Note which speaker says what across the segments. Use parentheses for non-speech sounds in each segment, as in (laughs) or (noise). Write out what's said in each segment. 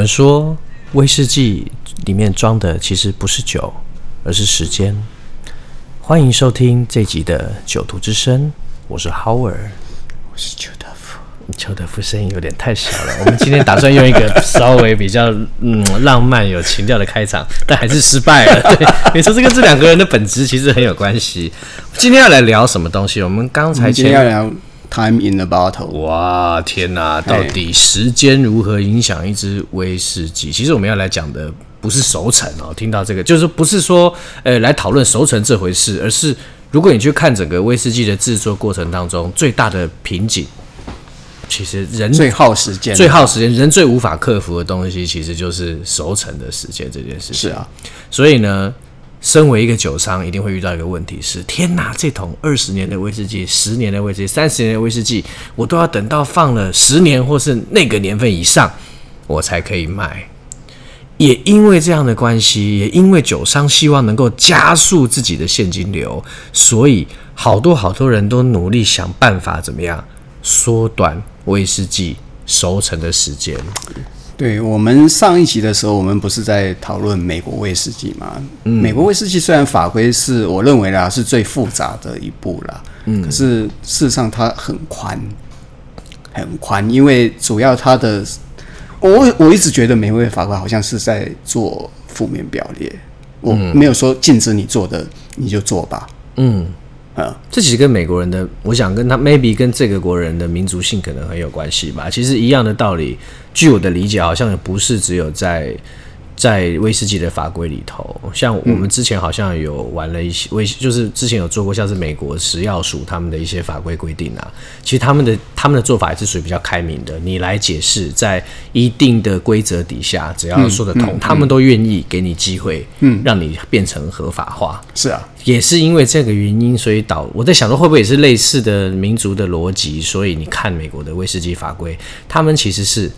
Speaker 1: 我們說威士忌裡面裝的其實不是酒，而是時間。歡迎收聽這集的《酒徒之聲》，我是 Howard，我是丘德夫。丘德 f 聲音有點太小了。我們今天打算用一個稍微比較嗯浪漫有情調的開場，但還是失敗了。對，你說這個，這兩個人的本質其實很有關係。今天要來聊什麼東西？我們剛才先要聊。Time in the bottle。哇，天哪、啊！到底時間如何影響一支威士忌？對其實我們要來講的不是熟成哦，聽到這個就是不是說呃來討論熟成這回事，而是如果你去看整個威士忌的制作過程當中最大的瓶頸，其實人最
Speaker 2: 耗時間、最耗時
Speaker 1: 間、人最無法克服的東西，其實就是熟成的時間這件事情。是啊，所以呢。身為一個酒商，一定會遇到一個問題是：天哪，這桶二十年的威士忌、十年的威士忌、三十年的威士忌，我都要等到放了十年或是那個年份以上，我才可以賣。也因為這樣的關係，也因為酒商希望能夠加速自己的現金流，所以好多好多人都努力想辦法，怎麼樣縮短威士忌熟成的時間。
Speaker 2: 對，我們上一集的時候，我們不是在討論美國威士忌嗎？嗯，美國威士忌雖然法規是我認為啦，是最複雜的一步啦，嗯，可是事實上它很寬，很寬，因為主要它的，我我一直覺得美威法規好像是在做
Speaker 1: 負面表列，
Speaker 2: 我沒有
Speaker 1: 說禁止你做的，你就做吧，嗯。嗯啊，這其實跟美國人的，我想跟他 maybe 跟這個國人的民族性可能很有關係吧。其實一樣的道理，據我的理解，好像也不是只有在。在威士忌的法規裡頭，像我們之前好像有玩了一些威，嗯、就是之前有做過，像是美國食藥署他們的一些法規規定啊。其實他們的他們的做法也是屬於比較開明的。你來解釋，在一定的規則底下，只要說得通，嗯嗯、他們都願意給你機會，嗯，讓你變成合法化。是啊，也是因為這個原因，所以導我在想說，會不會也是類似的民族的邏輯？所以你看美國的威士忌法規，他們其實是。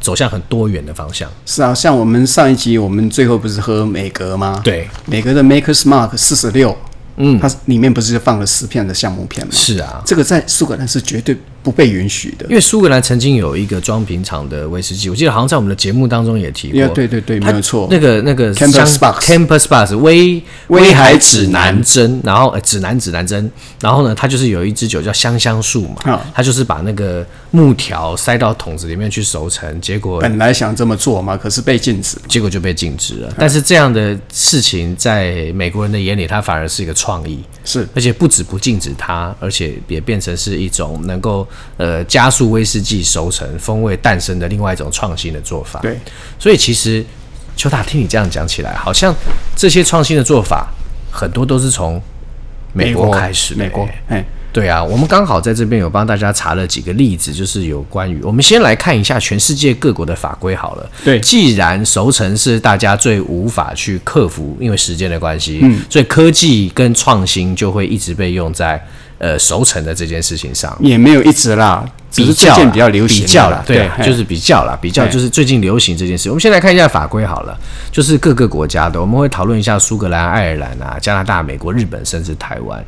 Speaker 1: 走向很多元的方向。
Speaker 2: 是啊，像我們上一集，我們最後不是喝美格嗎？對，美格的 Maker's Mark 四十六，嗯，它裡面不是就放了十片的橡木片嗎？是啊，這個在蘇格蘭是絕對。不被允許
Speaker 1: 的因為蘇格蘭曾經有一個裝瓶廠的威士忌我記得好像在我們的節目當中也提過對對對沒錯那個那個 Compass Box Compass Box 威威海指南針然後指南指南針然後呢它就是有一支酒叫香香樹嘛它就是把那個木條塞到桶子裡面去熟成結果本來想這麼做嘛可是被禁止結果就被禁止了但是這樣的事情在美國人的眼裡它反而是一個創意是而且不止不禁止它而且也變成是一種能夠呃，加速威士忌熟成風味誕生的另外一種創新的做法。對，所以其實，邱大，聽你這樣講起來，好像這些創新的做法很多都是從
Speaker 2: 美國開始的，美國。美
Speaker 1: 國，誒，對啊，我們剛好在這邊有幫大家查了幾個例子，就是有關於我們先來看一下全世界各國的法規好了。對，既然熟成是大家最無法去克服，因為時間的關係，嗯，所以科技跟創新就會一直被用在。呃，熟成的這件事情上也沒有一直啦，比較比較流行比較，比較啦，對，對對就是比較啦，比較就是最近流行這件事。我們先來看一下法規好了，對就是各個國家的，我們會討論一下蘇格蘭啊、愛爾蘭啊、加拿大、美國、日本，甚至台灣。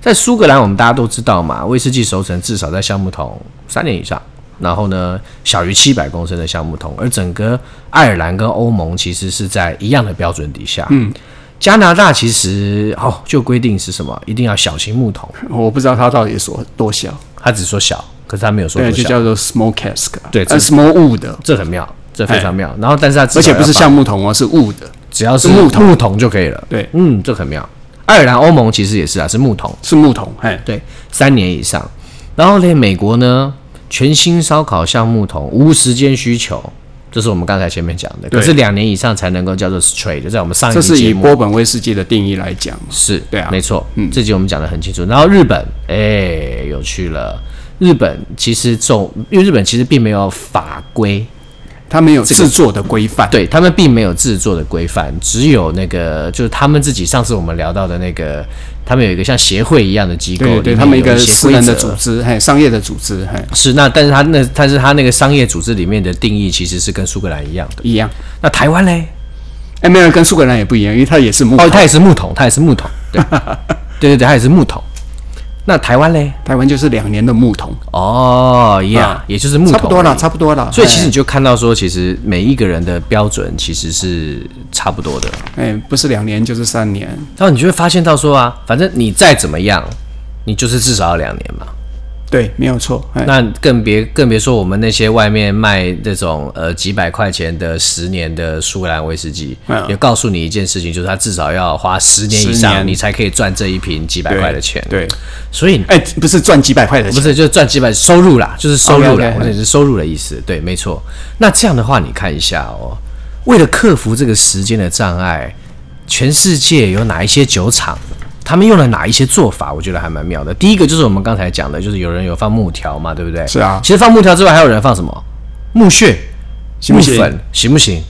Speaker 1: 在蘇格蘭，我們大家都知道嘛，威士忌熟成至少在橡木桶三年以上，然後呢，小於七百公升的橡木桶，而整個愛爾蘭跟歐盟其實是在一樣的標準底下，嗯。加拿大其實哦，就規定是什麼，一定要小型木桶。我不知道他到底說多小，他只說小，可是他沒有說多小。對，就叫做 small cask。對，uh, 這是 small wood，這很妙，這非常妙。哎、然後，但是它而且不是橡木桶哦、啊，是 wood，只要是木桶木桶木桶就可以了。對，嗯，這很妙。愛爾蘭歐盟其實也是啊，是木桶，是木桶。嘿、哎，對，三年以上。然後嘞，美國呢，全新燒烤橡木桶，無時間需求。就是我們剛才前面講的，可是兩年以上才能夠叫做 straight，在我們上一這是以波本威士忌的定義來講，是，對啊，沒錯，嗯，這集我們講得很清楚。然後日本，哎、欸，有趣了，日本其實總，因為日本其實並沒有法規，他沒有製作的規範，這個、對他們並沒有製作的規範，只有那個就是他們自己上次我們聊到的那個。他們有一個像協會一樣的機構，對，對，對，他們一個私人的組織，
Speaker 2: 還有者商業的組織，
Speaker 1: 是那，但是他那，但是他那個商業組織裡面的定義其實是跟蘇格蘭一樣的，一樣。吧那台灣嘞，哎，沒有，跟蘇格蘭也不一樣，因為它也是木頭，哦，它也是木頭，它也是木頭，對 (laughs) 對，對對，它也是木頭。
Speaker 2: 那台灣嘞？台灣就是兩年的木桶
Speaker 1: 哦，一樣、oh, yeah, 啊，也就是木桶，差不多了，差不多了。所以其實你就看到說，其實每一個人的標準其實是差不多的。哎、欸，不是兩年就是三年。然後你就會發現到說啊，反正你再怎麼樣，你就是至少要兩年嘛。對，沒有錯。那更別更別說我們那些外面賣那種呃幾百塊錢的十年的蘇格蘭威士忌，嗯、也告訴你一件事情，就是它至少要花十年以上，年你才可以賺這一瓶幾百塊的錢。對，對，所以哎、欸，不是賺幾百塊的錢，不是就是、賺幾百收入啦，就是收入啦，或者、okay, okay, okay, okay. 是收入的意思。對，沒錯。那這樣的話，你看一下哦，為了克服這個時間的障礙，全世界有哪一些酒廠？他們用了哪一些做法？我覺得還蠻妙的。第一個就是我們剛才講的，就是有人有放木條嘛，對不對？是啊。其實放木條之外，還有人放什麼？木屑，
Speaker 2: 行不行？木粉，
Speaker 1: 行不行？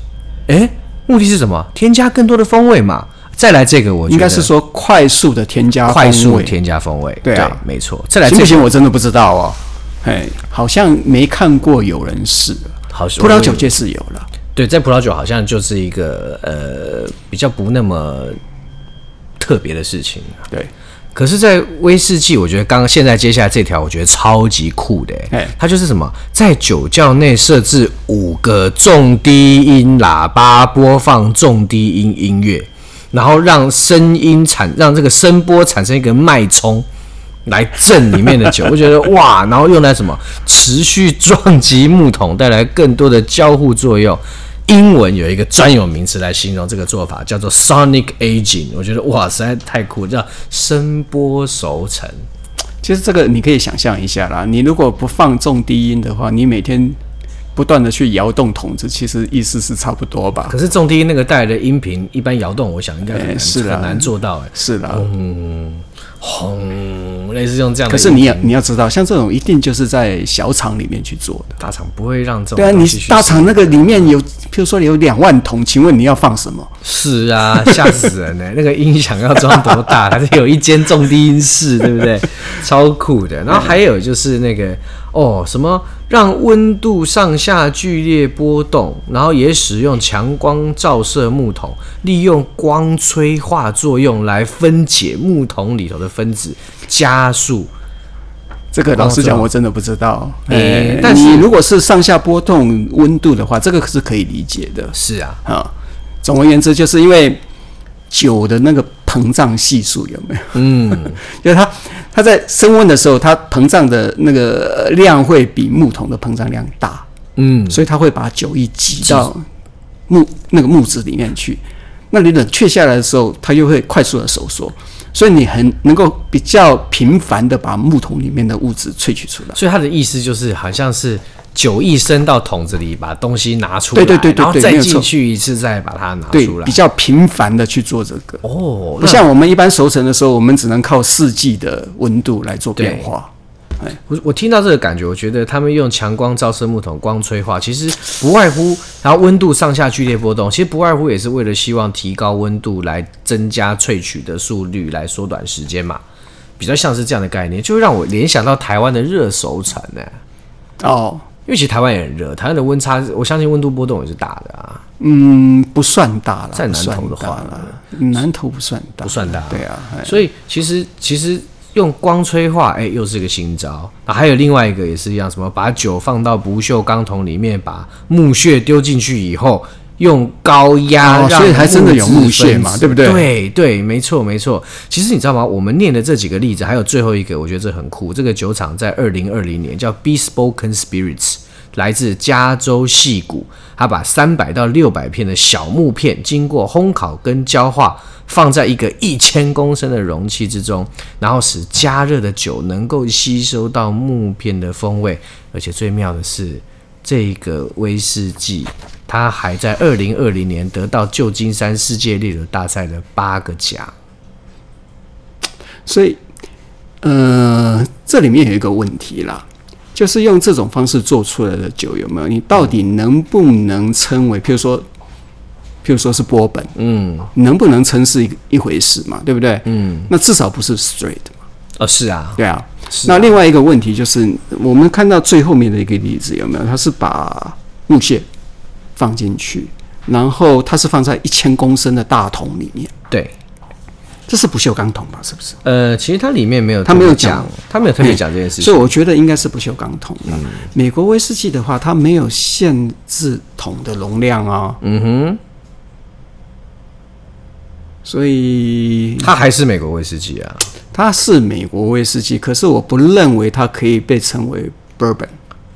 Speaker 1: 哎，、欸，目的是什麼？添加更多的風味嘛。再來這個，我覺得應該是說快速的添加風味，添加風味。對，沒錯。再來這個，我
Speaker 2: 真的不知道哦。哎，好像沒看過
Speaker 1: 有人試。
Speaker 2: 好像葡萄酒界
Speaker 1: 是有了。對，在葡萄酒好像就是一個呃比較不那麼。特別的事情，對。可是，在威士忌，我覺得剛剛現在接下來這條，我覺得超級酷的，哎，它就是什麼，在酒窖內設置五個重低音喇叭，播放重低音音樂，然後讓聲音產，讓這個聲波產生一個脈衝，來震裡面的酒。我覺得哇，然後用來什麼持續撞擊木桶，帶來更多的交互作用。英文有一個專有名詞來形容這個做法，叫做 Sonic Aging。我覺得哇，實在太酷，叫聲波
Speaker 2: 熟成。其實這個你可以想象一下啦，你如果不放重低音的話，你每天不斷的去搖動桶子，其實意思是差不多吧。可
Speaker 1: 是重低音那個帶來的音頻，一般搖動我想應該很難，、欸啊、很難做
Speaker 2: 到、欸，是的、啊，嗯。
Speaker 1: 哦、嗯，類似用這樣的。可是你
Speaker 2: 要你要知道，像這種一定就是在小廠裡面去做的，
Speaker 1: 大廠不會讓這種。對啊，你大
Speaker 2: 廠那個裡面有，啊、譬如說有兩萬桶，請問你要放什
Speaker 1: 麼？是啊，嚇死人呢、欸！ (laughs) 那個音響要裝多大？還是有一間重低音室， (laughs) 對不對？超酷的。然後還有就是那個。 (laughs) 哦，什麼讓溫度上下劇烈波動，然後也使用強光照射木桶，利用光催化作用來分解木桶裡頭的分子，加速。這個老實講，我真的不知道。哎、哦，誒誒但是如
Speaker 2: 果是上下波動溫度的話，這個是可以理解的。是啊，啊、哦，總而言之，就是因為酒的那個。膨脹係數有沒有？嗯， (laughs) 就是它，它在升溫的時候，它膨脹的那個量會比木桶的膨脹量大。嗯，所以它會把酒一擠到木是那個木質裡面去。那你冷卻下來的時候，它又會快速的收縮。所以你很能夠比較頻繁的把木桶裡面的物質萃取出
Speaker 1: 來。所以他的意思就是，好像是。酒一升到桶子裡，把東西拿出來，對對對對，然後再進去一次，再把它拿出來對對，比較
Speaker 2: 頻繁的去做這個。哦，
Speaker 1: 那不像我
Speaker 2: 們一般熟成的時候，我們只能靠四季
Speaker 1: 的溫度來做變化。對對我我聽到這個感覺，我覺得他們用強光照射木桶光催化，其實不外乎，然後溫度上下劇烈波動，其實不外乎也是為了希望提高溫度來增加萃取的速率，來縮短時間嘛。比較像是這樣的概念，就會讓我聯想到台灣的熱熟成呢、啊。哦。因為其實台灣也很熱，台灣的溫差，我相信溫度波動也是大的啊。嗯不，不算大了，在南投的話了，了，南投不算大，不算大、啊對啊，對啊。所以其實、嗯、其實用光催化，哎、欸，又是一個新招啊。還有另外一個也是一樣，什麼把酒放到不鏽鋼桶裡面，把木屑丟進去以後。用高壓還、哦、真的有木屑嘛，對不對？對對，沒錯沒錯。其實你知道嗎？我們念的這幾個例子，還有最後一個，我覺得這很酷。這個酒廠在二零二零年叫 Bespoken Spirits，來自加州矽谷。他把三百到六百片的小木片，經過烘烤跟焦化，放在一個一千公升的容器之中，然後使加熱的酒能夠吸收到木片的風味。而且最妙的是，這個威士忌。他還在二零二零年得到舊金山世界烈酒大賽的八個獎，
Speaker 2: 所以，呃，這裡面有一個問題啦，就是用這種方式做出來的酒有沒有？你到底能不能稱為，譬如說，譬如說是波本，嗯，能不能稱是一一回事嘛？對不對？嗯，那至少不是 straight 嘛？
Speaker 1: 啊、哦，是啊，
Speaker 2: 對啊。那另外一個問題就是，是啊、我們看到最後面的一個例子有沒有？他是把木屑。放進去，然後它是放在一千公升的大桶裡面。對，這是不鏽鋼桶吧？是不是？
Speaker 1: 呃，其實它裡面沒有，他沒有講，他沒有特別講這件事情、哎，所以我覺
Speaker 2: 得應該是不鏽鋼桶。嗯，美國威士忌的話，它沒有限制桶的容量啊、哦。嗯哼，所以它還
Speaker 1: 是美國威士忌啊？
Speaker 2: 它是
Speaker 1: 美國威士忌，可是我不認為它可以被稱為 bourbon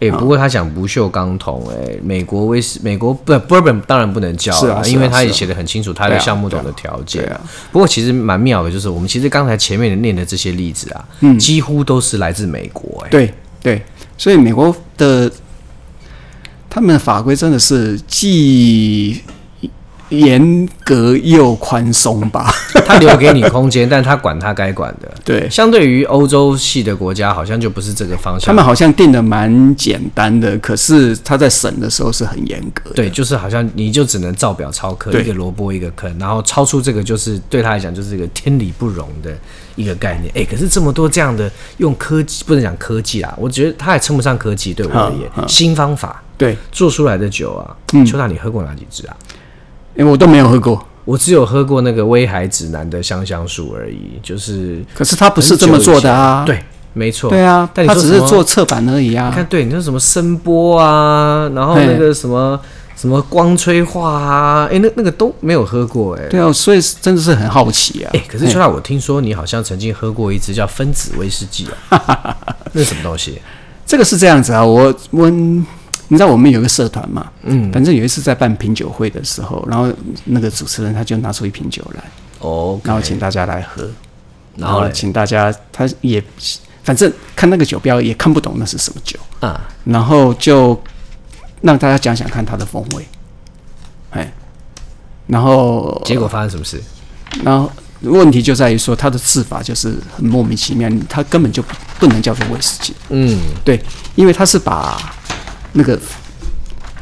Speaker 1: 也、欸、不過他講不鏽鋼桶，哎，美國威斯，美國不，不，波本當然不能叫，啊，是啊，啊，因為他也寫得很清楚，他的項目桶的條件。啊，啊，不過其實蠻妙的，就是我們其實剛才前面念的這些例子啊，嗯，幾乎都是來自美國，哎，對對，所以美國的
Speaker 2: 他們的法規真的是既嚴
Speaker 1: 格又
Speaker 2: 寬鬆吧，
Speaker 1: 他留給你空間。 (laughs) 但他管他該管的。對，相對於歐洲系的國家，好像就不是這個方向。他們
Speaker 2: 好像定得蠻簡單的，可
Speaker 1: 是他在審的時候是很嚴格的。對，就是好像你就只能照表操課，對一個蘿蔔一個坑，然後超出這個就是對他來講就是一個天理不容的一個概念。哎、欸，可是這麼多這樣的用科技，不能講科技啊，我覺得他還稱不上科技。對我而言，呵呵新方法對做出來的酒啊，邱大，你喝過哪幾支啊？嗯因為、欸、我都沒有喝過、嗯，我只有喝過那個威海指南的香香樹而已，就是。可是它不是這麼做的啊。對，沒錯。對啊，它只是做側板而已啊。你看，對，你說什麼聲波啊，然後那個什麼對什麼光催化啊，哎、欸，那那個都沒有喝過哎、欸。對啊、哦，所以真的是很好奇啊。欸、可是邱大，我聽說你好像曾經喝過一支叫分子威士忌啊， (laughs) 那是什麼東西？
Speaker 2: 這個是這樣子啊，我問你知道我們有一個社團嘛？嗯，反正有一次在辦品酒會的時候，然後那個主持人他就拿出一瓶酒來，哦，okay, 然後請大家來喝，然後咧，然後請大家他也反正看那個酒標也看不懂那是什麼酒啊，然後就讓大家講講看它的風味，哎，然後結果發生什麼事？然後問題就在於說它的制法就是很莫名其妙，它根本就不能叫做威士忌。嗯，對，因為它是把。那個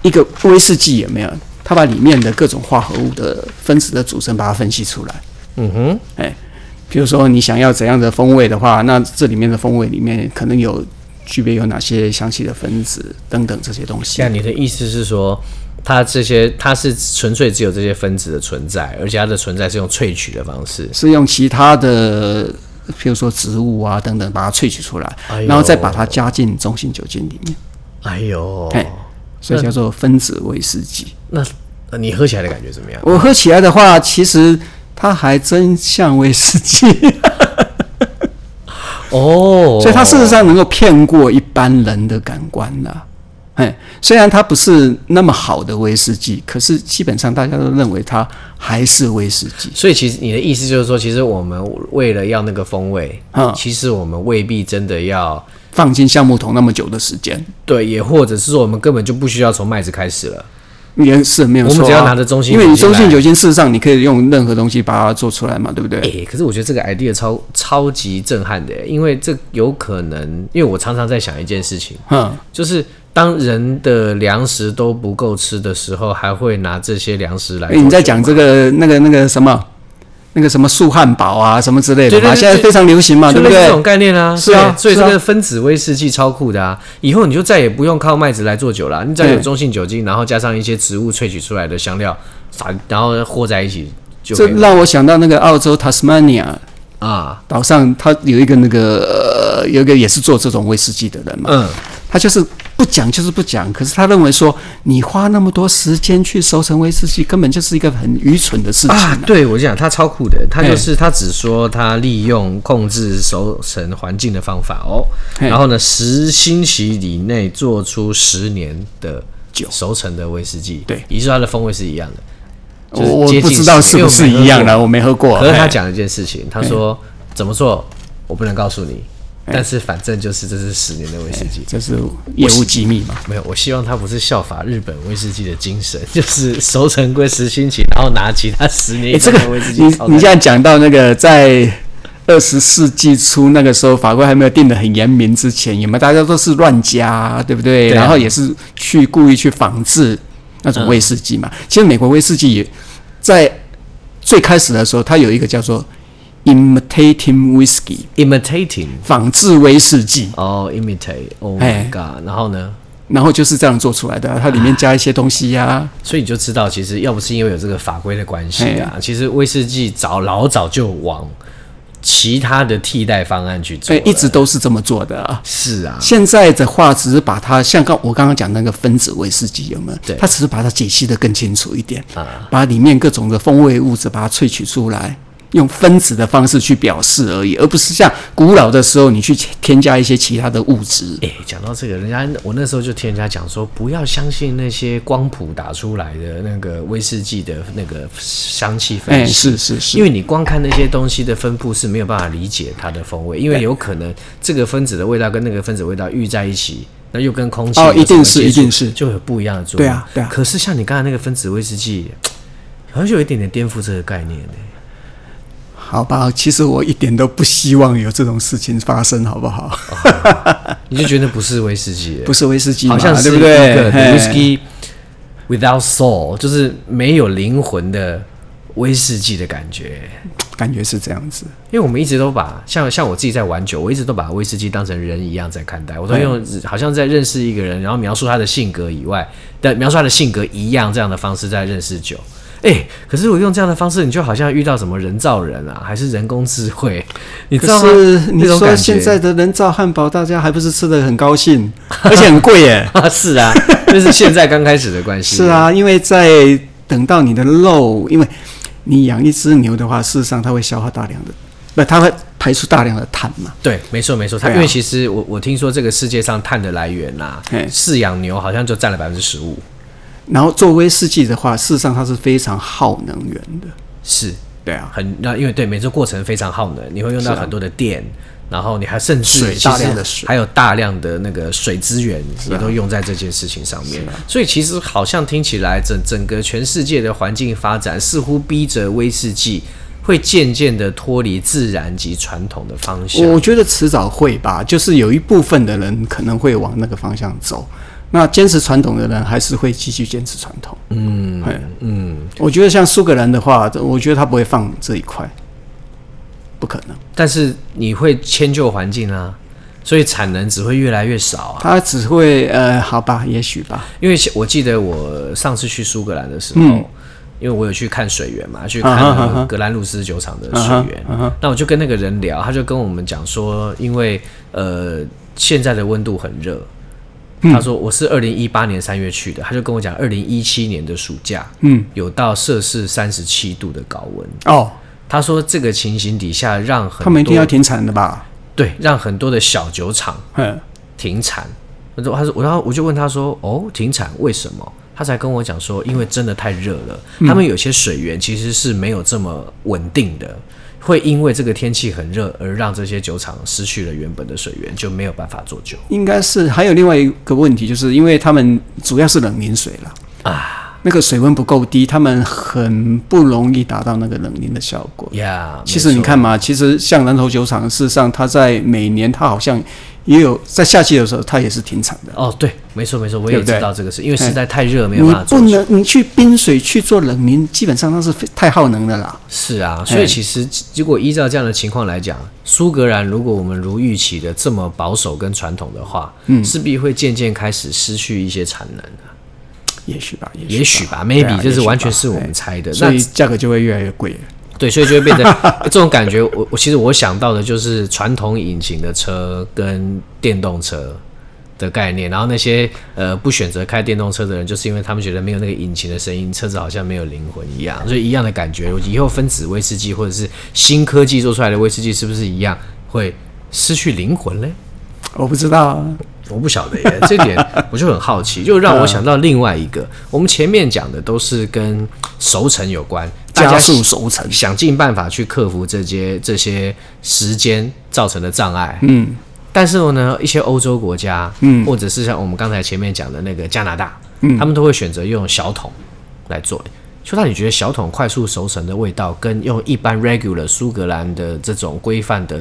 Speaker 2: 一個威士忌也沒有，它把裡面的各種化合物的分子的組成把它分析出來。
Speaker 1: 嗯哼，
Speaker 2: 哎、欸，比如說你想要怎樣的風味的話，那這裡面的風味裡面可能有區別，有哪些香氣的分子等等這
Speaker 1: 些東西。那你的意思是說，它這些它是純粹只有這些分子的存在，而且它的存在是用萃取的方式，
Speaker 2: 是用其他的，譬如說植物啊等等把它萃取出來，哎、呦然後再把它加進中性酒精裡
Speaker 1: 面。哎
Speaker 2: 呦，所以叫做分子威士忌
Speaker 1: 那。那你喝起來的感覺怎麼樣？我喝起來的
Speaker 2: 話，其實它還真像威士忌。
Speaker 1: (laughs) 哦，所以它事實
Speaker 2: 上能夠騙過一般人的感官了啊。嘿，雖然它不是那麼好的威士忌，可是基本上大家都認為它還
Speaker 1: 是威士忌。所以其實你的意思就是說，其實我們為了要那個風味，其實我們未必真的要。放進橡木桶那麼久的時間，對，也或者是說我們根本就不需要從麥子開始了，也
Speaker 2: 是沒有錯、啊，我們只要拿著中性酒精，中性酒精，因為你中性酒精事實上你可以用任何東西把它做出來嘛，對不對？
Speaker 1: 可是我覺得這個 idea 超超級震撼的，因為這有可能，因為我常常在想一件事情，嗯，就是當人的糧食都不夠吃的時候，還會拿這些糧食來做？你在講這
Speaker 2: 個嗎那個那個什麼？那個什麼素漢堡啊，什麼之類的，現在非常流行嘛，對不對？這種概
Speaker 1: 念啊，是啊，所以這個分子威士忌超酷的啊，以後你就再也不用靠麥子來做酒了，啊，你再用中性酒精，然後加上一些植物萃取出來的香料，然後和在一起，就這
Speaker 2: 讓我想到那個澳洲塔斯曼尼亞啊，島上他有一個那個、呃，有一個也是做這種威士忌的人嘛，嗯。他就是不講，就是不講。可是他認為說，你花那麼多時間去熟成威士忌，根本就是一個很愚蠢的
Speaker 1: 事情啊！啊對我就想他超酷的，他就是嘿他只說他利用控制熟成環境的方法哦。然後呢，十嘿星期以內做出十年的酒熟成的威士忌，對，也就是它的風味是一樣的。就
Speaker 2: 是、我我不知道是不是一樣的，沒我沒喝過。和他講一
Speaker 1: 件事情，嘿他說嘿怎麼做，我不能告訴你。但是反正就是這是十年的威士忌，欸、這是業務機密嘛？沒有，我希望他不是效法日本威士忌的精神， (laughs) 就是熟成歸十星期，然後拿其他十年的威士忌、欸、這個你你現在
Speaker 2: 講到那個在二十世紀初那個時候，法規還沒有定得很嚴明之前，有沒有大家都是亂加，對不對？對啊、然後也是去故意去仿製那種威士忌嘛？嗯、其實美國威士忌也在最開始的時候，它有一個叫做。Imitating whiskey, imitating
Speaker 1: 仿製威士忌哦、oh，imitate 哦，o d 然後呢？然後就是這樣做出來的、啊，啊、它裡面加一些東西呀、啊。所以你就知道，其實要不是因為有這個法規的關係啊，欸、其實威士忌早老早就往其他的替代方案去做、欸，一直都是這麼做的、啊。是啊，
Speaker 2: 現在的話只是把它像剛我剛剛講那個分子威士忌有沒有？對，它只是把它解析的更清楚一點啊，把裡面各種的風味物質把它萃取出來。用分子的方式去表示而已，而不是像古老的時候，你去添加一些其他的物質。哎、欸，講
Speaker 1: 到這個，人家我那時候就聽人家講說，不要相信那些光譜打出來的那個威士忌的那個香氣分析哎、欸，是是是，是因為你光看那些東西的分布是沒有辦法理解它的風味，因為有可能這個分子的味道跟那個分子的味道遇在一起，那又跟空氣、哦、一定是一定是就有不一樣的作用。對啊，對啊。可是像你剛才那個分子威士忌，好像有一點點顛覆這個概念呢、欸。
Speaker 2: 好吧，其實我一點都不希
Speaker 1: 望有這種事
Speaker 2: 情發生，好不好？Oh,
Speaker 1: (laughs) 你就覺得不是威士忌，不是威士忌，好像是個對不對？Whisky without soul，hey, 就是沒有靈魂的威士忌的感覺，感覺是這樣子。因為我們一直都把像像我自己在玩酒，我一直都把威士忌當成人一樣在看待，我都用好像在認識一個人，嗯、然後描述他的性格以外，的描述他的性格一樣這樣的方式在認識酒。哎，可是我用這樣的方式，你就好像遇到什麼人造人啊，還是人工智慧？你知道嗎？是你說現在
Speaker 2: 的人造漢堡，大家還不是吃得很高興， (laughs) 而且很貴耶？
Speaker 1: 啊，是啊，這 (laughs) 是現在剛開始的關係、啊。是啊，
Speaker 2: 因為在等到你的肉，因為你養一隻牛的話，事實上它會消耗大量的，那它會排出大量的碳嘛？
Speaker 1: 對，沒錯，沒錯。它、啊、因為其實我我聽說這個世界上碳的來源吶、啊，飼對養牛好像就占了百分之十五。
Speaker 2: 然後做威士忌的話，事實上它是非常耗能源的。
Speaker 1: 是對啊，很那因為對，每次過程非常耗能，你會用到很多的電，啊、然後你還甚至大量的水，還有大量的那個水資源也都用在這件事情上面。啊、所以其實好像聽起來整整個全世界的環境發展似乎逼着威士忌會漸漸的脫離自然及傳統的方向。我
Speaker 2: 覺得遲早會吧，就是有一部分的人可能會往那個方向走。那堅持傳統的人還是會繼續堅持傳統。嗯嗯，對、嗯對，我覺得像蘇格蘭的話，
Speaker 1: 我覺得他不會放這一塊，
Speaker 2: 不可能。
Speaker 1: 但是你會遷就環境啊，所以產能只會越來越少啊。他只會呃，好吧，也許吧。因為我記得我上次去蘇格蘭的時候，嗯、因為我有去看水源嘛，去看那個格蘭路斯酒廠的水源。啊啊啊、那我就跟那個人聊，他就跟我們講說，因為呃，現在的溫度很熱。他說：“我是二零一八年三月去的，嗯、他就跟我講，二零一七年的暑假，嗯，有到攝氏三十七度的高溫哦。他說這個情形底下，讓很多他們一定要停產的吧？對，讓很多的小酒廠，嗯，停產。呵他說，他說，然後我就問他說，哦，停產為什麼？他才跟我講說，因為真的太熱了，嗯、他們有些水源其實是沒有這麼穩定的。”會因為這個天氣很熱而讓這些酒廠失去了原本的水源，就沒有辦法做酒。
Speaker 2: 應該是還有另外一個問題，就是因為他們主要是冷凝水
Speaker 1: 了
Speaker 2: 啊，那個水溫不夠低，他們很不容易達到那個冷凝的效果。Yeah, 其實你看嘛，沒錯，其實像南投酒廠，事實上他在每年他好像，也有在夏季的時候，它也是停產
Speaker 1: 的。哦，對，沒錯沒錯，我也知道這個事，因為實在太熱，沒有辦法
Speaker 2: 做。你不能，你去冰水去做冷凝，基本上那是太耗
Speaker 1: 能的了。是啊，所以其實如果依照這樣的情況來講，蘇格蘭如果我們如預期的這麼保守跟傳統的話，嗯，勢必會漸漸開始失去一些產能。也許吧，也許吧，maybe 就是完全是我們猜的，所以價格就會越來越貴。對，所以就會變成這種感覺。我我其實我想到的就是傳統引擎的車跟電動車的概念，然後那些呃不選擇開電動車的人，就是因為他們覺得沒有那個引擎的聲音，車子好像沒有靈魂一樣，所以一樣的感覺。以後分子威士忌或者是新科技做出來的威士忌，是不是一樣會失去靈魂嘞？我不知道，嗯、我不曉得耶，這點我就很好奇。就讓我想到另外一個，嗯、我們前面講的都是跟熟成有關。加速熟成，想盡辦法去克服這些這些時間造成的障礙。嗯，但是呢，一些歐洲國家，嗯，或者是像我們剛才前面講的那個加拿大，嗯，他們都會選擇用小桶來做。邱大，你覺得小桶快速熟成的味道，跟用一般 regular 蘇格蘭的這種規範的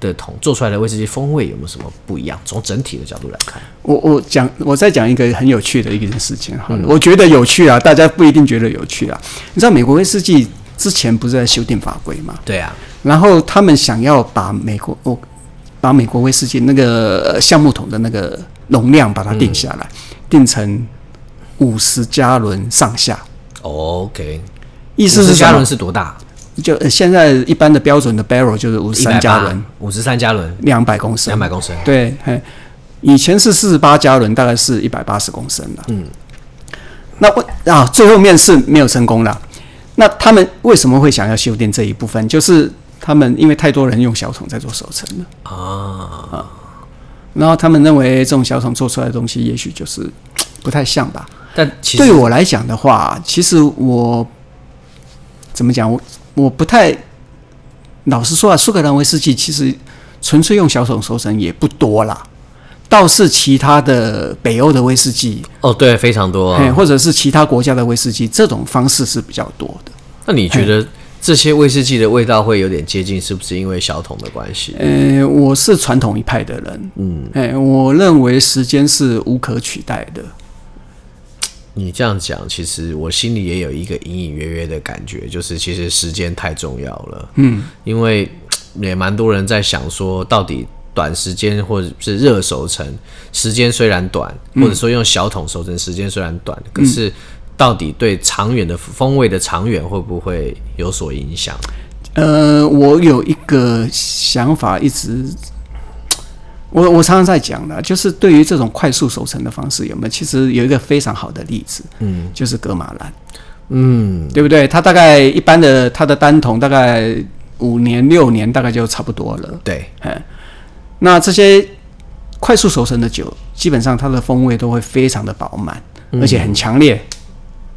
Speaker 1: 的桶做出來的威士忌風味有沒有什麼不一樣？從整體的角度來看，
Speaker 2: 我我講，我再講一個很有趣的一個事情哈。嗯、我覺得有趣啊，大家不一定覺得有趣啊。你知道美國威士忌之前不是在修訂法規嗎？對啊。然後他們想要把美國哦，把美國威士忌那個橡木桶的那個容量把它定下來，嗯、定成五十加崙上下。
Speaker 1: o k 五
Speaker 2: 十加崙是多大？就現在一般的標準的 barrel 就是五十三加崙，五十三加崙，兩百公升，兩百公升。對，嘿，以前是四十八加崙，大概是一百八十公升了。嗯，那我啊，最後面試沒有成功了。那他們為什麼會想要修訂這一部分？就是他們因為太多人用小桶在做熟成了、哦、啊然後他們認為這種小桶做出來的東西也許就是不太像吧。
Speaker 1: 但其實對我來
Speaker 2: 講的話，其實我怎麼講我？我不太，老實說啊，蘇格蘭威士忌其實純粹用小桶熟成也不多啦。倒是其他的北歐的威士忌
Speaker 1: 哦，對、啊，非常多、啊，或
Speaker 2: 者是其他國家的威士忌，這種方式是比較多的。
Speaker 1: 那你覺得這些威士忌的味道會有點接近，是不是因為小桶的關係？嗯、哎，
Speaker 2: 我是傳統一派的人，嗯、哎，我認為時間是無可取代的。
Speaker 1: 你這樣講，其實我心裡也有一個隱隱約約的感覺，就是其實時間太重要了。嗯，因為也蠻多人在想說，到底短時間或者是熱熟成時間雖然短，或者說用小桶熟成時間雖然短，嗯，可是到底對長遠的風味的長遠會不會有所影響？
Speaker 2: 呃，我有一個想法一直。我我常常在講的，就是對於這種快速熟成的方式有沒有？其實有一個非常好的例子，嗯，就是噶瑪蘭，嗯，對不對？它大概一般的它的單桶大概五年六年，年大概就差不多了。對，嗯，那這些快速熟成的酒，基本上它的風味都會非常的飽滿，而且很強烈，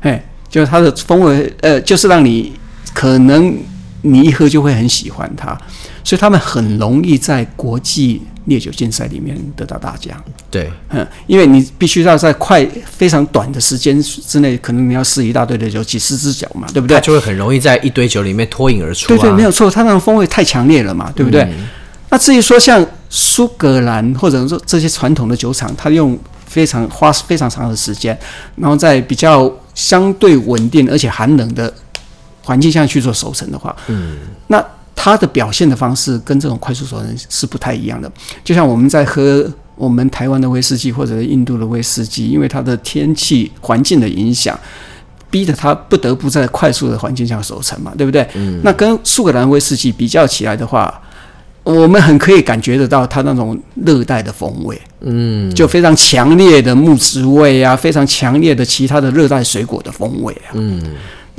Speaker 2: 嗯、嘿，就是它的風味，呃，就是讓你可能。你一喝就會很喜歡它，所以他們很容易在國際烈酒競賽裡面得到大獎。對，嗯，因為你必須要在快非常短的時間之內，可能你要試一大堆的酒，幾十支酒嘛，對不對？它就會很容易在一
Speaker 1: 堆酒裡面脫穎而出啊。對對對，沒有
Speaker 2: 錯，它那種風味太強烈了嘛，對不對？嗯。那至於說像蘇格蘭或者說這些傳統的酒廠，它用非常花非常長的時間，然後在比較相對穩定而且寒冷的環境下去做熟成的話，嗯，那它的表現的方式跟這種快速熟成是不太一樣的。就像我們在喝我們台灣的威士忌，或者是印度的威士忌，因為它的天氣環境的影響，逼得它不得不在快速的環境下熟成嘛，對不對？嗯。那跟蘇格蘭威士忌比較起來的話，我們很可以感覺得到它那種熱帶的風味，嗯，就非常強烈的木質味啊，非常強烈的其他的熱帶水果的風味啊，嗯。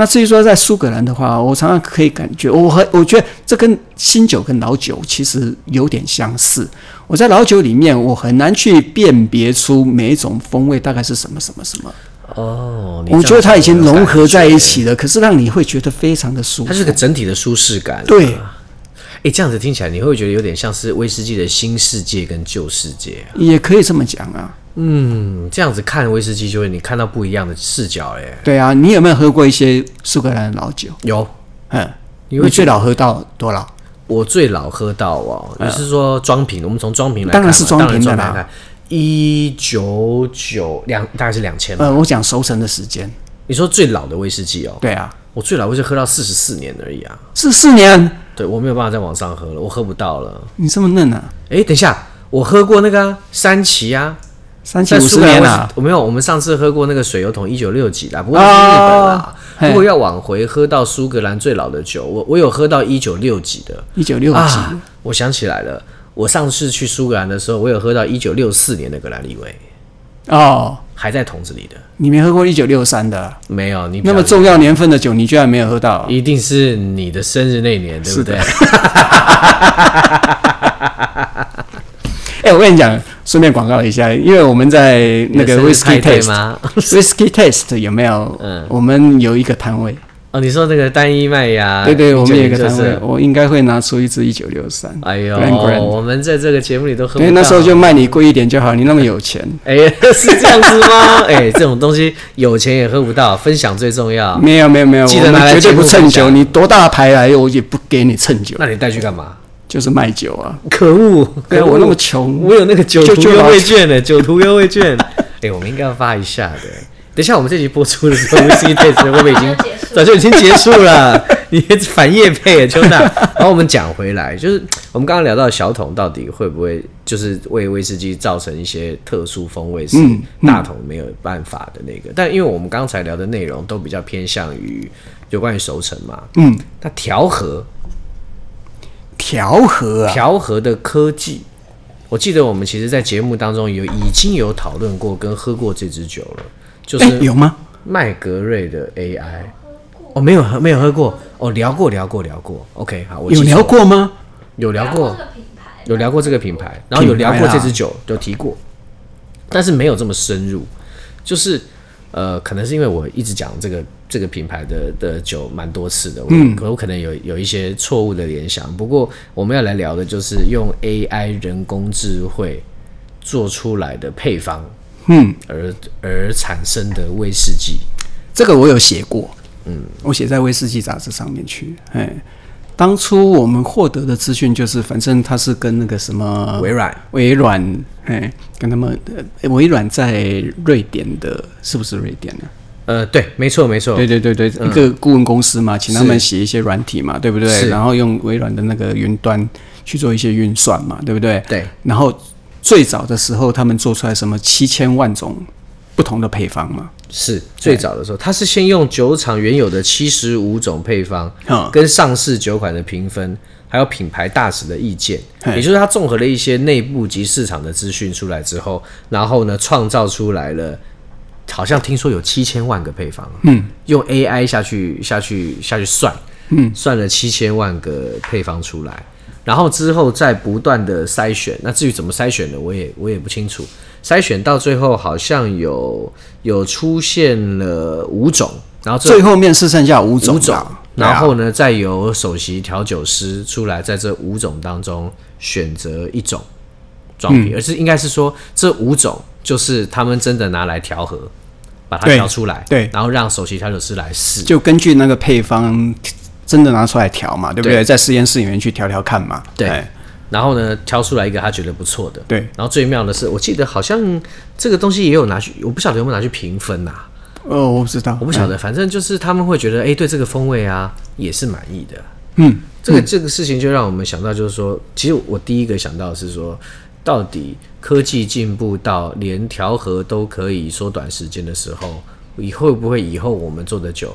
Speaker 2: 那至於說在蘇格蘭的話，我常常可以感覺，我我我覺得這跟新酒跟老酒其實有點相似。我在老酒裡面，我很難去辨別出每一種風味大概是什麼什麼
Speaker 1: 什麼。哦，覺我覺得它已經融合
Speaker 2: 在一起了，可是讓你會覺得非常的舒
Speaker 1: 服。它是個整體的舒適感。對。誒，這樣子聽起來你會覺得有點像是威士忌的新世界跟舊世界啊？也可以這麼講啊。嗯，這樣子看威士忌，就會你看到不一樣的視角哎、欸。
Speaker 2: 對啊，你有沒有喝過一些蘇格蘭的老酒？
Speaker 1: 有，
Speaker 2: 嗯，你最老喝到
Speaker 1: 多少？我最老喝到哦，你、呃、是說裝瓶？我們從裝瓶來看，當然是裝瓶的啦，當然裝瓶來看一九九兩，大概是兩千。呃，
Speaker 2: 我講熟成的
Speaker 1: 時間。你說最老的威士忌哦？對啊，我最老我就喝到四十四年而已啊，四十四年？對，我沒有辦法再往上喝了，我喝不到了。
Speaker 2: 你這麼嫩啊？哎、
Speaker 1: 欸，等一下，我喝過那個三旗啊。三七五十年了，我、啊、我沒有。我們上次喝過那個水油桶一九六幾的，不過日本啦、啊。不過、哦、要往回喝到蘇格蘭最老的酒，我我有喝到一九六幾的。一九六幾、啊，我想起來了，我上次去蘇格蘭的時候，我有喝到一九六四年那個格蘭利威。哦，還在桶子
Speaker 2: 裡的。你沒喝過一九六三的？
Speaker 1: 沒有，你不那麼重要年份的酒，你居然沒有喝到？啊？一定是你的生日那年，對不對？
Speaker 2: 哎，我跟你講。順便廣告一下，因為我們在那個 whiskey taste whiskey taste 有沒有？嗯，我們有一個攤位。
Speaker 1: 哦，你說那個單一麥芽？對對，我們有一個攤位。
Speaker 2: 我應該會拿出一支一九六三。哎呦，我
Speaker 1: 們在這個節目裡都喝不到。因為那時候就
Speaker 2: 賣你貴一點就好，你那麼有錢。
Speaker 1: 哎，是這樣子嗎？哎，這種東西有錢也喝不到，分享最重要。沒有沒有沒有，記得拿來絕對不蹭酒，
Speaker 2: 你多大牌來我也不給你蹭酒，
Speaker 1: 那你帶去幹嘛？
Speaker 2: 就是賣酒啊！可惡！我那麼窮，我有那個酒徒優惠券
Speaker 1: 的酒徒優惠券。哎，我們應該要發一下的。等一下我們這集播出的時候，威士忌配制會不會已經早就已經結束了？你反業配，真的。然後我們講回來，就是我們剛剛聊到的小桶到底會不會就是為威士忌造成一些特殊風味是大桶沒有辦法的那個？但因為我們剛才聊的內容都比較偏向於有關於熟成嘛，嗯，它調和。調和、啊，調和的科技。我記得我們其實，在節目當中有已經有討論過跟喝過這支酒了，就是、欸、有嗎？麥格瑞的 AI，哦，沒有喝，沒有喝過。哦，聊過，聊過，聊過。OK，好，我有聊過嗎？有聊過，聊過有聊過這個品牌，然後有聊過這支酒，啊、有提過，但是沒有這麼深入。就是，呃，可能是因為我一直講這個。這個品牌的的酒蠻多次的，我可能有有一些錯誤的聯想。嗯、不過我們要來聊的就是用 AI 人工智慧做出來的配方，嗯，而而產生的威士忌，這個我有寫過，嗯，我寫在威士忌雜誌上面
Speaker 2: 去。哎，當初我們獲得的資訊就是，反正它是跟那個什麼微軟，微軟，嘿跟他們微軟在瑞典的，是不是瑞典呢？啊？
Speaker 1: 呃，對，沒錯，沒錯，對對對對，一、嗯、個
Speaker 2: 顧問公司嘛，請他們寫一些軟體嘛，是對不對？是然後用微軟的那個雲端去做一些運算嘛，對不對？對。然後最早的時候，他們做出來什麼七千萬種不同的配方
Speaker 1: 嘛？是最早的時候，對他是先用酒廠原有的七十五種配方，嗯、跟上市酒款的評分，還有品牌大使的意見，嗯、也就是他綜合了一些內部及市場的資訊出來之後，然後呢，創造出來了。好像聽說有七千萬個配方，啊，嗯，用 AI 下去下去下去算，嗯，算了七千萬個配方出來，然後之後再不斷的篩選。那至於怎麼篩選的，我也我也不清楚。篩選到最後好像有有出現了五種，然後最後面是剩下五種，五種，啊、然後呢，啊、再由首席調酒師出來在這五種當中選擇一種裝瓶，嗯、而是應該是說這五種就是他們真的拿來調和。把它調出來，對，對，然後讓首席調酒師來試，就
Speaker 2: 根據那個配方真的拿出來調嘛，對不對？對，在實驗室裡面去調調看嘛，
Speaker 1: 對。哎、然後呢，調出來一個他覺得不錯的，對。然後最妙的是，我記得好像這個東西也有拿去，我不曉得有沒有拿去評分吶、啊？
Speaker 2: 哦，我不知道，我不曉得，嗯、
Speaker 1: 反正就是他們會覺得，哎，對這個風味啊也是滿意的。嗯，這個、嗯、這個事情就讓我們想到，就是說，其實我第一個想到的是說，到底。科技進步到連調和都可以縮短時間的時候，以後會不會？以後我們做的酒，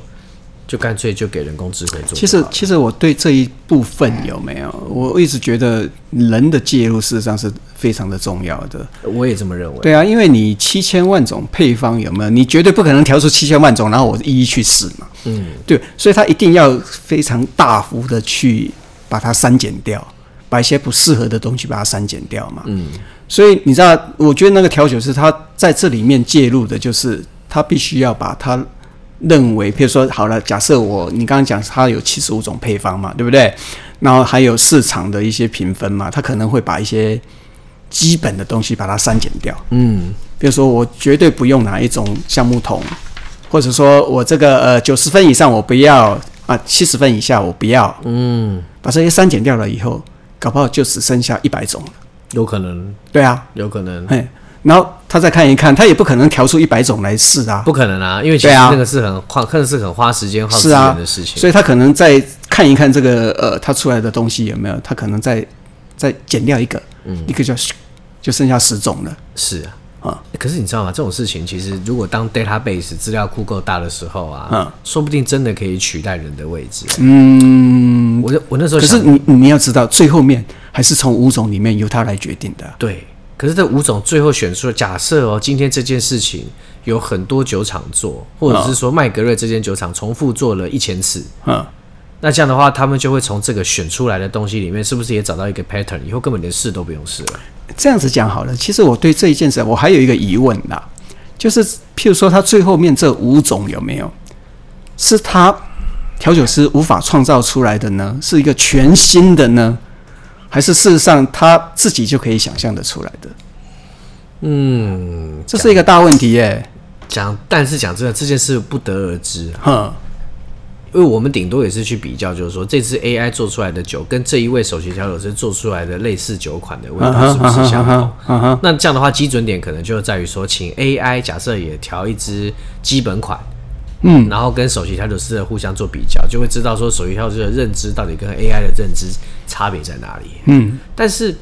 Speaker 1: 就乾脆就給人工智能做的。其實，
Speaker 2: 其實我對這一部分有沒有？我一直覺得人的介入事實上是非常的重要的。
Speaker 1: 我也這麼認為。對
Speaker 2: 啊，因為你七千萬種配方有沒有？你絕對不可能調出七千萬種，然後我一一去試嘛。
Speaker 1: 嗯。
Speaker 2: 對，所以它一定要非常大幅的去把它刪減掉，把一些不適合的東西把它刪減掉嘛。嗯。所以你知道，我覺得那個調酒師他在這裡面介入的就是，他必須要把他認為，譬如說好了，假設我你剛剛講他有七十五種配方嘛，對不對？然後還有市場的一些評分嘛，他可能會把一些基本的東西把它刪減掉。嗯，比如說我絕對不用哪一種橡木桶，或者說我這個呃九十分以上我不要啊，七十分以下我不要。嗯，把這些刪減掉了以後，搞不好就只剩下一百種了。
Speaker 1: 有可能，對啊，有可能。
Speaker 2: 然後他再看一看，他也不可能調出一百種來試
Speaker 1: 啊，不可能啊，因為對啊，那個是很花，可能，啊，是很花時間耗資源的事情，啊，所以他
Speaker 2: 可能再看一看這個呃，他出來的東西有沒有，他可能再再減掉一個，嗯，一個叫，就剩下十種了。
Speaker 1: 是啊，啊，嗯，可是你知道嗎？這種事情其實如果當 database 資料庫夠大的時候啊，嗯，說不定真的可以取代人的位置。
Speaker 2: 嗯，我我那時候可是你你們要知道最後面。還是從五種裡面由他來決定
Speaker 1: 的。對，可是這五種最後選出，假設哦，今天這件事情有很多酒廠做，或者是說麥格瑞這間酒廠重複做了一千次，嗯，那這樣的話，他們就會從這個選出來的東西裡面，是不是也找到一個 pattern？以後根本連試都不用試了。
Speaker 2: 這樣子講好了，其實我對這一件事，我還有一個疑問吶，就是譬如說，他最後面這五種有沒有是他調酒師無法創造出來的呢？是一個全新的呢？還是事實上他自己就可以想象得出來的，
Speaker 1: 嗯，這是一個大問題耶。講，但是講真的，這件事不得而知，哈呵。因為我們頂多也是去比較，就是說這支 AI 做出來的酒跟這一位首席調酒師做出來的類似酒款的味道、嗯、是不是相同？那這樣的話，基準點可能就在於說，請 AI 假設也調一支基本款。嗯，然後跟首席調酒師互相做比較，就會知道說首席調酒師的認知到底跟 AI 的認知差別在哪裡。嗯，但是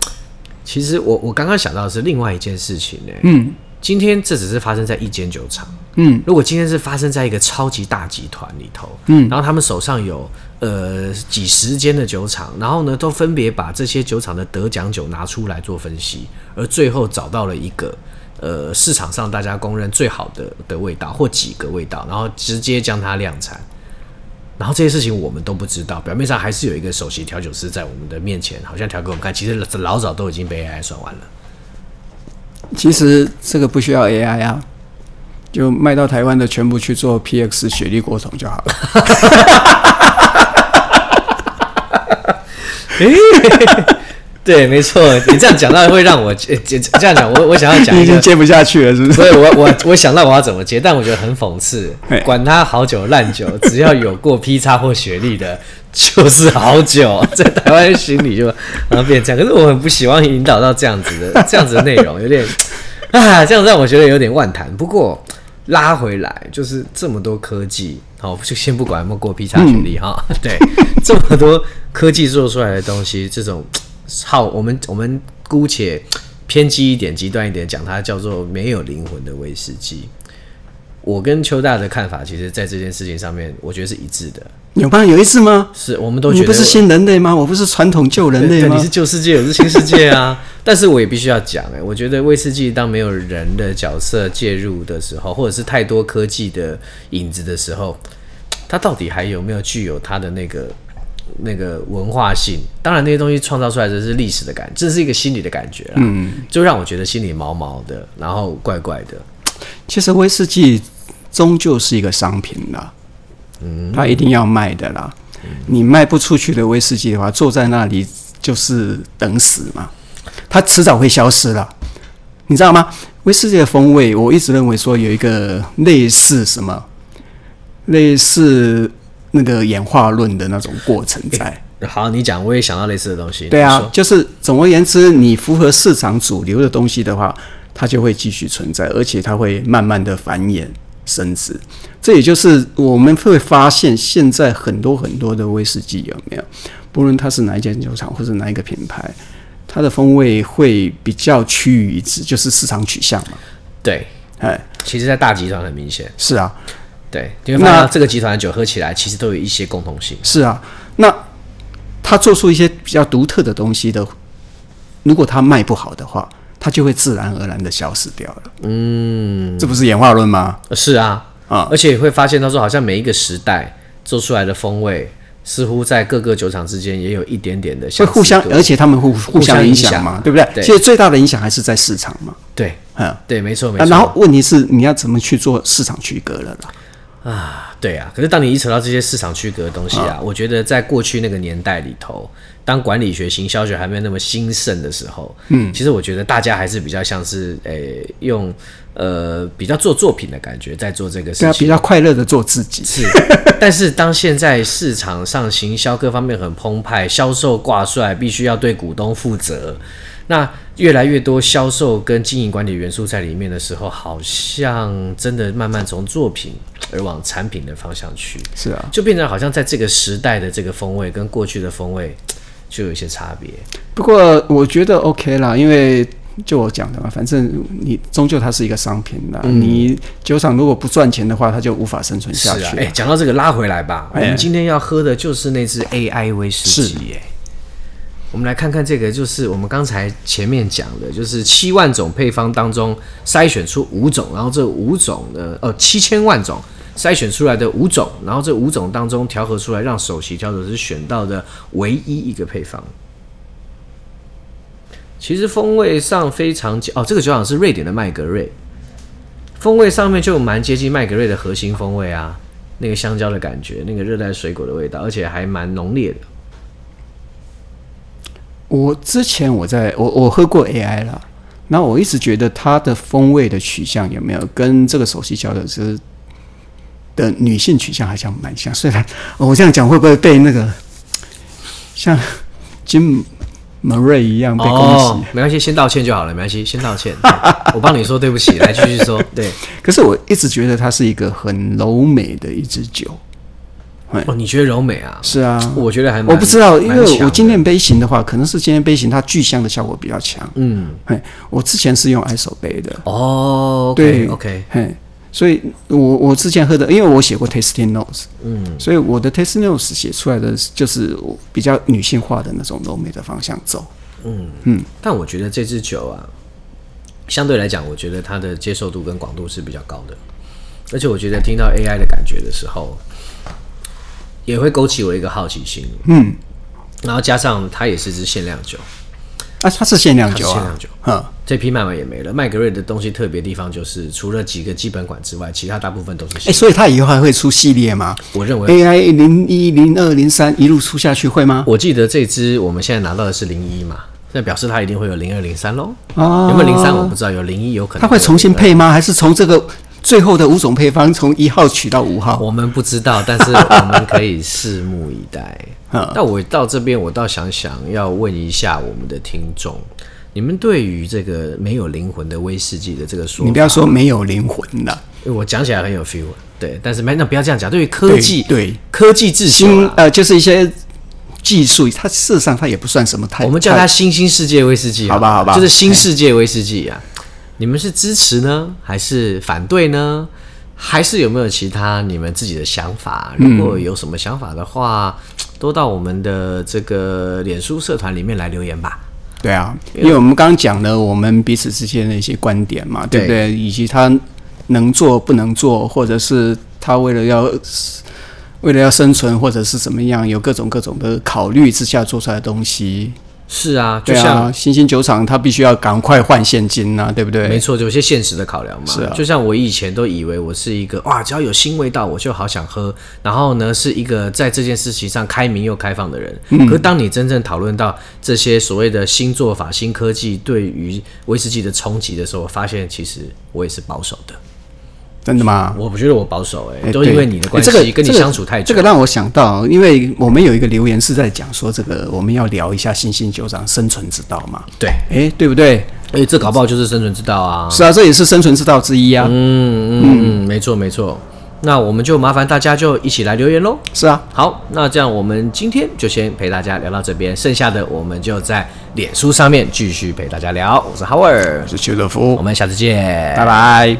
Speaker 1: 其實我我剛剛想到的是另外一件事情呢、欸。嗯，今天這只是發生在一間酒廠。嗯，如果今天是發生在一個超級大集團裡頭，嗯，然後他們手上有呃幾十間的酒廠，然後呢都分別把這些酒廠的得獎酒拿出來做分析，而最後找到了一個。呃，市場上大家公認最好的的味道或幾個味道，然後直接將它量產，然後這些事情我們都不知道。表面上還是有一個首席調酒師在我們的面前，好像調給我們看，其實老早都已經被 AI 算完
Speaker 2: 了。其實這個不需要 AI 啊，就賣到台灣的全部去做 PX 雪莉過程就好了。
Speaker 1: 誒。對，沒錯，你這樣講到會讓我接、欸、這樣講，我我想要講已經接不下去了，是不是？所以，我我我想到我要怎麼接，但我覺得很諷刺，管他好酒爛酒，只要有過 PX 或雪莉的，就是好酒，在台灣心裡就然後變成這樣。可是我很不喜歡引導到這樣子的這樣子的內容，有點啊，這樣子讓我覺得有點萬談。不過拉回來，就是這麼多科技，好，就先不管有沒有過 PX 雪莉哈、嗯。對，這麼多科技做出來的東西，這種。好，我們我們姑且偏激一點、極端一點講，它叫做沒有靈魂的威士忌。我跟邱大的看法，其實，在這件事情上面，我覺得是一致的。
Speaker 2: 有吧，有一致嗎？
Speaker 1: 是我們都覺得我，你不是新
Speaker 2: 人類嗎？我不是傳統舊人類嗎？對對對，你是舊世
Speaker 1: 界，我是新世界啊！ (laughs) 但是我也必須要講誒、欸，我覺得威士忌當沒有人的角色介入的時候，或者是太多科技的影子的時候，它到底還有沒有具有它的那個？那個文化性，當然那些東西創造出來的是歷史的感覺，這是一個心理的感覺啦，嗯，就讓我覺得心裡毛毛的，然後怪怪的。其實威士忌
Speaker 2: 終究是一個商品啦，嗯，它一定要賣的啦，嗯，你賣不出去的威士忌的話，坐在那裡就是等死嘛，它遲早會消失了，你知道嗎？威士忌的風味，我一直認為說有一個類似什麼，類似。那個演化論的那種過
Speaker 1: 程在好，你講我也想到類似的東西。對啊，
Speaker 2: 就是總而言之，你符合市場主流的東西的話，它就會繼續存在，而且它會慢慢的繁衍生殖。這也就是我們會發現，現在很多很多的威士忌有沒有？不論它是哪一間酒廠或者哪一個品牌，它的風味會比較趨於一致，就是市場取向嘛。
Speaker 1: 對，哎，其實在大集團很明顯。是啊。對，因為發現這個集團的酒喝起來那其實都有一些共同性。是啊，
Speaker 2: 那他做出一些比較獨特的東西的，如果他賣不好的話，他就會自
Speaker 1: 然而然的消失掉
Speaker 2: 了。嗯，這不是
Speaker 1: 演化論嗎？呃、是啊，啊、嗯，而且會發現到說好像每一個時代做出來的風味，似乎在各個酒廠之間也有一點點的像會互相，而且他
Speaker 2: 們互互相影響嘛，響對不對？對，其實最大的影響還是在市場嘛。對，嗯、
Speaker 1: 對，沒錯沒錯、啊。然
Speaker 2: 後問題是你要怎麼去做市場
Speaker 1: 區隔了呢？啊，對啊，可是當你一扯到這些市場區隔的東西啊，啊我覺得在過去那個年代裡頭，當管理學、行銷學還沒有那麼興盛的時候，嗯，其實我覺得大家還是比較像是，誒、欸，用，呃，比較做作品的感覺在做這個事情，比
Speaker 2: 較快樂的做自己。是，
Speaker 1: 但是當現在市場上行銷各方面很澎湃， (laughs) 銷售掛帥，必須要對股東負責，那。越來越多銷售跟經營管理元素在裡面的時候，好像真的慢慢從作品而往產品的方向去，是啊，就變成好像在這個時代的這個風味跟過去的風味就有一些差別。不過我覺得 OK 啦，因為
Speaker 2: 就我講的嘛，反正你終究它是一個商品啦。嗯、你酒廠如果不賺
Speaker 1: 錢的話，它就無法生存下去。哎、啊，講到這個拉回來吧，嗯、我們今天要喝的就是那支 A.I. 威士忌，哎。我們來看看這個，就是我們剛才前面講的，就是七萬種配方當中篩選出五種，然後這五種呢，呃，七千萬種篩選出來的五種，然後這五種當中調和出來，讓首席調酒師選到的唯一一個配方。其實風味上非常哦，這個酒廠是瑞典的麥格瑞，風味上面就蠻接近麥格瑞的核心風味啊，那個香蕉的感覺，那個熱帶水果的味道，而且還蠻濃烈的。
Speaker 2: 我之前我在我我喝過 AI 了，那我一直覺得它的風味的取向有沒有跟這個首席交流是的女性取向好像蠻像，雖然我這樣講會不會被那個像 Jim Murray 一樣被攻擊，
Speaker 1: 哦？沒關係，先道歉就好了，沒關係，先道歉， (laughs) 我幫你說對不起，來繼續說， (laughs) 對。
Speaker 2: 可是我一直覺得它是一個很柔美的一支酒。
Speaker 1: 哦，你覺得柔美啊？是啊，我覺得還蠻……我不知道，因為我
Speaker 2: 今天杯型的話，的可能是今天杯型它聚香的效果比較強。嗯嘿，我之前是用 ISO 杯的哦。對，OK，, okay 嘿，所以我我之前喝的，因為我寫過 Tasting Notes，嗯，所以我的 Tasting Notes 寫出來的就是比較女性化的那種柔美的方向走。嗯嗯，
Speaker 1: 嗯，但我覺得這支酒啊，相對來講，我覺得它的接受度跟廣度是比較高的，而且我覺得聽到 AI 的感覺的時候。也會勾起我一個好奇心，嗯，然後加上它也是支限量酒，
Speaker 2: 啊，它是限量酒，限量
Speaker 1: 酒，嗯、啊，這批賣完也沒了。麥格瑞的東西特別地方就是，除了幾個基本款之外，其他大部分都是。哎、欸，所以它
Speaker 2: 以後還會出系列嗎？我
Speaker 1: 認為 AI 零一零二零三一路出下去會嗎？我記得這支我們現在拿到的是零一嘛，那表示它一定會有零二零三嘍啊、哦，有
Speaker 2: 沒有零三我不知道，有
Speaker 1: 零一有可能有，哦。它會重新配
Speaker 2: 嗎？還是從這個？最後的五種配方，
Speaker 1: 從一號取到五號，我們不知道，但是我們可以拭目以待。那 (laughs) 我到這邊，我倒想想要問一下我們的聽眾，你們對於這個沒有靈魂的威士忌的這個說法，你不要說沒有靈魂了，我講起來很有 feel。對，但是沒，那不要這樣講。對於科技，對，對
Speaker 2: 科技自信啊，呃，就是一些技術，它事實上它也不算什麼太。我們叫它“新
Speaker 1: 興世界威士忌啊”好吧？好吧，就是“新世界威士忌”啊。你們是支持呢，還是反對呢？還是有沒有其他你們自己的想法？嗯，如果有什麼想法的話，都到我們的這個臉書社團裡面來留言吧。
Speaker 2: 對啊，因為我們剛剛講了我們彼此之間的一些觀點嘛，對不對？對。以及他能做不能做，或者是他為了要為了要生存，或者是怎麼樣，有各種各種的考慮之下做出來的東西。是啊，就像新興、啊、酒廠，它必須要趕快換現金吶、啊，對不對？沒錯，有些現實的考量嘛。是啊，就
Speaker 1: 像我以前都以為我是一個哇，只要有新味道，我就好想喝。然後呢，是一個在這件事情上開明又開放的人。嗯、可是當你真正討論到這些所謂的新做法、新科技對於威士忌的衝擊的時候，我發現其實我也是保守的。真的嗎？我不覺得我保守哎、欸，都因為你的關係。跟你相處
Speaker 2: 太久、這個，這個讓我想到，因為我們有一個留言是在講說，這個我們要聊一下新興酒廠生存之道嘛？
Speaker 1: 對，哎、欸，對不對？哎、欸，這搞不好就是生存之道啊！是啊，這也是生存之道之一啊。嗯嗯，嗯，嗯，沒錯沒錯。那我們就麻煩大家就一起來留言嘍。是啊，好，那這樣我們今天就先陪大家聊到這邊，剩下的我們就在臉書上面繼續陪大家聊。我是 Howard，我是邱德福，我們下次見，拜拜。